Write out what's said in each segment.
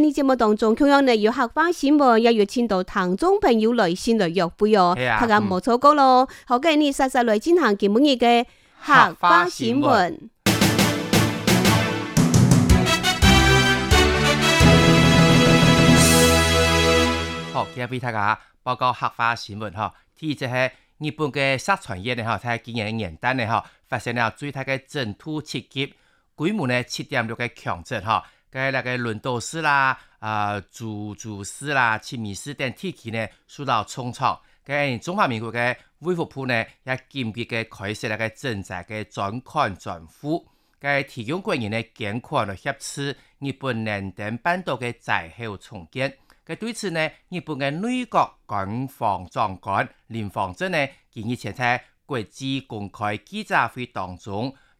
呢節目當中，中，同樣呢要客話新聞，又要簽到譚中平要來先來約會哦。大家唔好錯過咯，好嘅、嗯，呢實實來進行節目嘅客話新聞。新聞好，今日俾大家報告客話新聞嗬、哦，聽就係日本嘅殺傳業呢，吓，睇見人元旦呢，嗬，發現呢最大嘅震度七級規模呢，七點六嘅強震嗬。哦該那個輪道士啦、呃、祖祖師啦、啊組組師啦、清滅師等體系呢，受到重創。該中華民國嘅外交部呢，也緊急嘅開設了該政策嘅專款專戶，該提供國人嘅捐款嘅挾持日本能登半島嘅災後重建，該對此呢，日本嘅內閣官房長官林芳正呢，近日曾在國際公開記者會當中。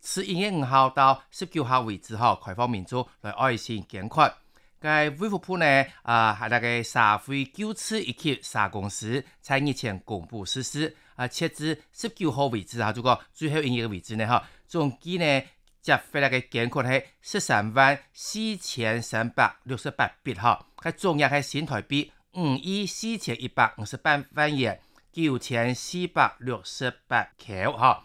至一月五號到十九號為止，哈，開放民眾來愛心捐款。介恢復鋪呢，啊、呃，係大概社會九次以及三公司，在日前公布實施，啊，截至十九號為止，啊這個，啊，就個最後一日嘅為止，呢，哈、啊，總計呢，集翻嚟嘅捐款係十三萬四千三百六十八筆，哈，佢總額係新台幣五億四千一百五十八萬元，九千四百六十八塊，哈。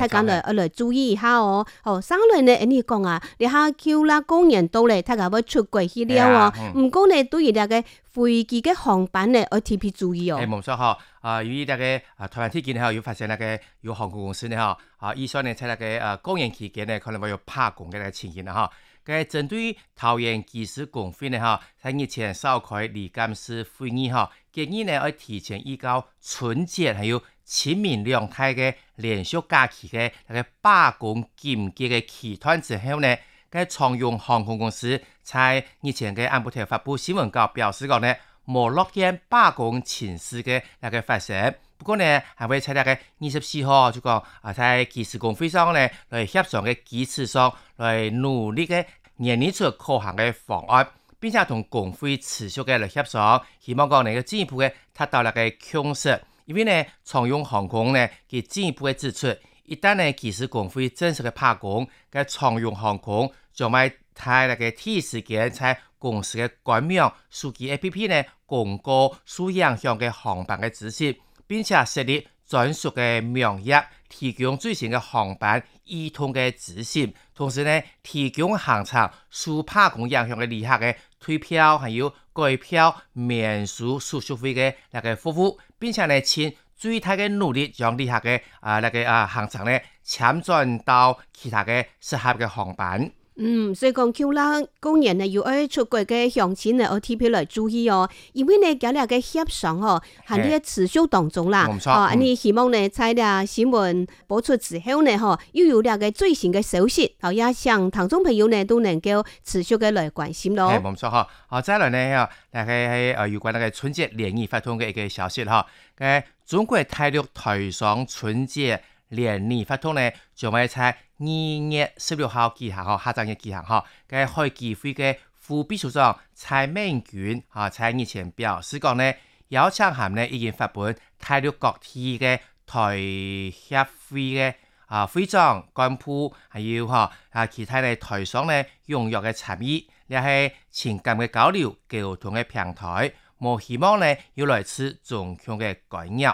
大家嚟，我注意一下哦。哦，三輪咧，你講啊，你下 Q 啦，工人到來，他講要出國去了哦，唔、哎嗯、過呢，對於那個飛機嘅航班呢，要特別注意哦。誒、哎，冇錯嗬。啊，由於大家誒台灣天氣呢，又發生那個有航空公司呢，吓，啊，以上呢，睇下嘅啊，工、呃、人期間呢，可能會有罷工嘅個情形啦，吓。咁針對桃園技師工會呢，吓，喺日前召開理監事會議，吓，建議呢，要提前預告春節還有。前面兩天的連續假期的一個罷工檢結嘅期短之後呢，該常用航空公司在日前的安博特發布新聞稿表示講呢，冇樂見罷工情勢的一個發生，不過呢，還會喺呢個二十四號就講啊，在幾次工會上呢，嚟協商的基礎上來努力的研擬出可行的方案，並且同工會持續的來協商，希望講能夠進一步的達到那個共識。因為呢，長榮航空呢，佢進一步會指出，一旦呢，即使公司正式嘅罷工，該長榮航空，就咪喺嗰個第一時間公司嘅官網、手機 A P P 呢，公告受影響嘅航班嘅資訊，並且設立專屬嘅網頁，提供最新嘅航班異動嘅資訊，同時呢，提供行程受罷工影響嘅旅客嘅退票，還有。改票免收手續費的一個服務，並且呢，盡最大嘅努力將旅客嘅啊，那個啊行程呢，遷轉到其他嘅適合嘅航班。嗯，所以講啦，工人呢，要喺出國嘅鄉親呢，我特別來注意哦，因為呢，今日嘅協商哦，喺啲持續當中啦。哦，嗯、你希望咧，彩禮新聞播出之後呢。嗬，又有啲嘅最新嘅消息，好後也向聽眾朋友呢，都能夠持續嘅來關心咯、哦。係，冇錯吓，好，再來咧，大概係有關嗱個春節聯誼發通嘅一個消息吓，誒，中國大陸台商春節。連年發通呢，將會在二月十六號舉行，哈，下晝舉行。哈嘅開記者會嘅副秘書長蔡明權，哈，在日前表示講，咧邀請函咧已經發本睇到各地嘅台協會嘅啊會長幹部，還有哈啊其他嘅台商咧踊躍嘅參與，也係情感嘅交流溝通嘅平台，冇希望咧要來自中央嘅介入。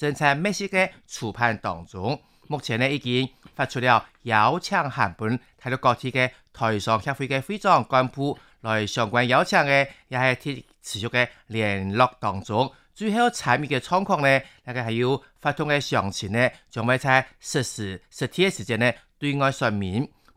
正在密切嘅籌判當中，目前呢已經發出了邀請函本，睇到各地嘅台商協會嘅會長幹部，來相關邀請嘅，也係持續嘅聯絡當中。最後採密嘅狀況呢，大概係要發通嘅詳情呢，將將會在實時實體啲時間呢，對外說明。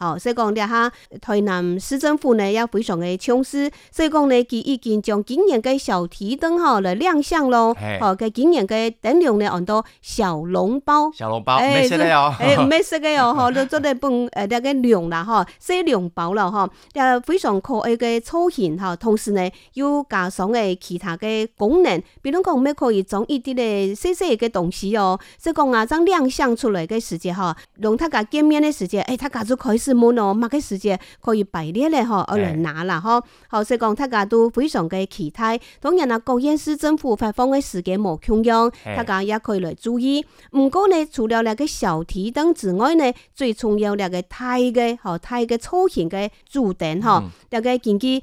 好，哦、所以說講咧哈，台南市政府呢也非常誒重視，所以講呢，伊已經將今年的小提燈吼、哦、來亮相咯。吼、欸，好、哦，今年的燈籠咧換做小籠包。小籠包，誒、欸，唔識嘅喲，哎，唔識嘅喲，吼、喔，都做得半，誒，迄、呃這個量啦，吼、哦，說量包了，吼、哦，就非常可愛個，粗型，吼，同時呢又加上誒，的其他嘅功能，比如講，毋免可以裝一啲咧細細誒，嘅東西哦。所以講啊，將亮相出來嘅時節吼，讓他甲見面的時節，誒、哎，他家就可以。冇咯，某個時間可以排列咧吼，我嚟拿啦吼。好，所以講大家都非常嘅期待。當然啦，各縣市政府發放嘅時間冇同樣，Hey. 大家也可以來注意。唔過咧，除了呢個小提燈之外咧，最重要呢個大嘅和大嘅粗型嘅主燈吼，大、嗯、個見機。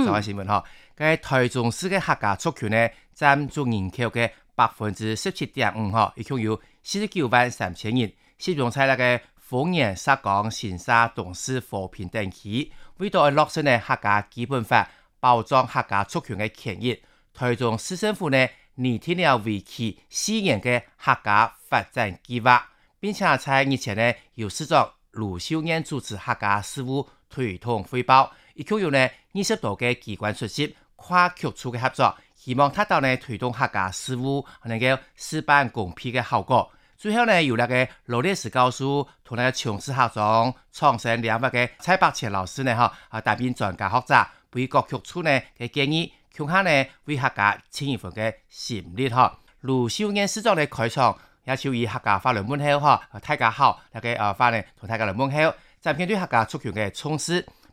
早上海市民嗬，嘅台中市的客家族群呢，佔總人口的百分之十七點五嗬，一共有四十九萬三千人。其中在那個豐原，石岡，新社，東勢，和平等區，為咗落實呢客家基本法，保障客家族群嘅權益，台中市政府呢，擬定了為期四年嘅客家發展計劃，並且在日前呢，由市長盧秀燕主持客家事務推動匯報。亦需要呢二十多個機關組織跨局處的合作，希望達到呢推動客家事務能夠事半功倍的效果。最後呢，由那個羅列士教授同那個長治校長創成兩位嘅蔡伯泉老師呢，哈，啊帶領專家學者，為各局處呢嘅建議，強下呢為客家添一份嘅心力，哈。盧秀燕市長嘅開場，也就以客家話來問候，哈，大家好，大個呃翻嚟同大家來問候，暫時對客家足球嘅衝刺。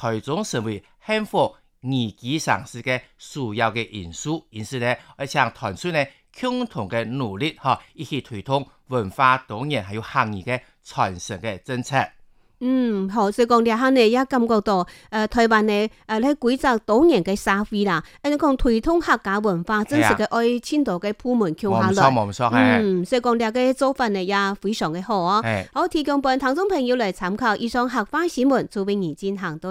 台中成為幸福宜居城市的主要的因素，因此呢，而且想團隊呢共同的努力，哈，一起推動文化、導遊，還有行業嘅傳承的政策。嗯，好，所以講呢刻呢也感覺到，呃、台灣呢，改造社會啦，嗯、推動客家文化，真實的愛遷徙橋下、啊、嗯，所以講做法呢也、啊、非常好、啊啊、好，提供聽眾朋友參考，以上客家新聞行到。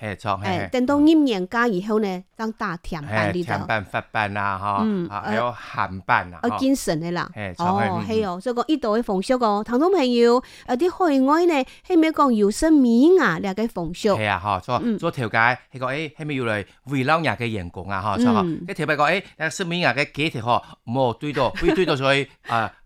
誒，錯，誒，等到入年假以後咧，當打甜班啲就，誒，甜班、發班啊，哈，嗯，還有寒班啊，好精神嘅啦，誒，錯，係哦，所以講依度嘅風俗嘅，同窗朋友，有啲海外咧，係咪講要食尾牙嚟嘅風俗？係啊，哈，做做調解，係個誒，係咪要嚟慰勞下嘅員工啊，吓，錯嗬？啲調解個誒，食尾牙嘅幾條河，唔好最多，唔好最多就去誒。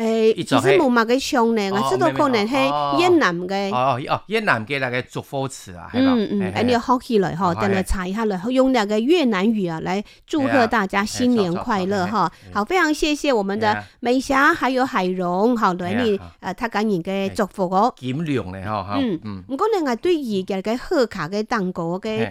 誒，其實冇默佢唱咧，我知都可能係越南嘅，哦哦越南嘅那個祝福詞啊，嗯嗯，誒你要學起來，嚇，等嚟查一下用那個越南語啊來祝賀大家新年快樂。哈！好，非常謝謝我們的美霞，還有海蓉，好，你呃，睇緊你的祝福哦，減量咧哈，嗯嗯，不過你，我對，二嘅個賀卡嘅蛋糕嘅。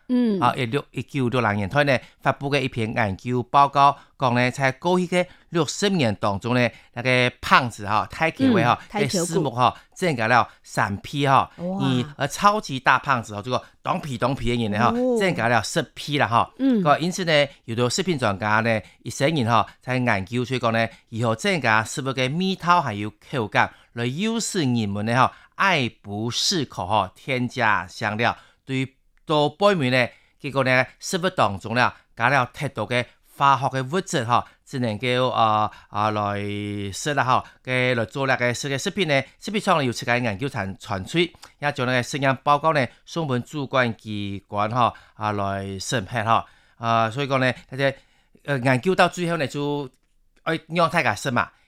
嗯，啊、哦，一六一九六零年，佢呢發布嘅一篇研究報告，講呢喺過去嘅六十年當中呢，那個、胖子哈、哦，太哈，哈、嗯，增加、欸哦、三倍哈、哦哇，而超級大胖子當皮當皮嘅人呢，哈、哦，增加十倍啦，哈，嗯，因此呢，食品專家呢，哈，研究呢，增加食物嘅味道人呢，哈，愛不釋口，哈，添加香料，對到杯麵咧，結果咧，食物當中咧加咗太多嘅化學嘅物質嚇，只能叫啊啊來識啦嚇。嘅嚟做呢嘅食嘅食品咧，食品廠咧由自家研究產產出，也將呢嘅實驗報告咧送本主管機關嚇啊來審批嚇。啊，所以講咧，佢只誒研究到最後咧就誒讓大家識嘛。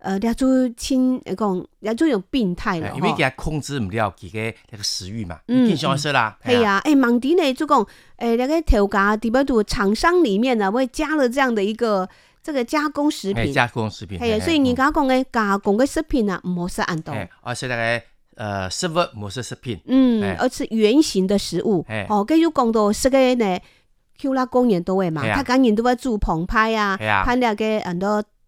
呃，叫住親，呃，講住一種病態咯，因為佮控制不了自己那個食欲嘛。嗯。經常說啦，係啊。誒，網點呢就講，誒，那個頭家、底部廠商裏面呢，會加了這樣的一個這個加工食品，加工食品。係啊，所以人家講咧，加工的食品啊，唔好按道理，啊，食那個呃食物唔好食食品。嗯，而是原型的食物，哦，佢要講到食嘅咧，卡拉公園都會嘛，他當然都會做澎湃啊，拍啲個嘅很多。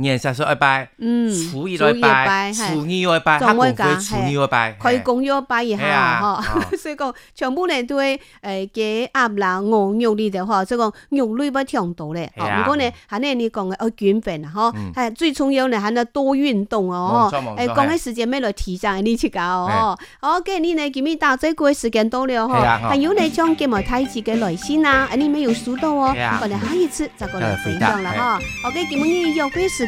年三十拜，初二拜，初二拜，仲可以拜，可以拱腰拜一下嗬。所以講，全部人都會誒雞鴨鵝肉類的話，所以講肉類不強度咧。如果呢，肯定你講嘅要均衡嚇，誒最重要呢，係要多運動哦。誒，講嘅時間咩嚟提醒？你去搞哦。哦，咁你呢？今日到呢個時間到了嗬，還有你將今日睇住嘅耐心啊，你咪要收到哦。咁你下一次就過來分享啦嚇。我嘅今日嘅有關事。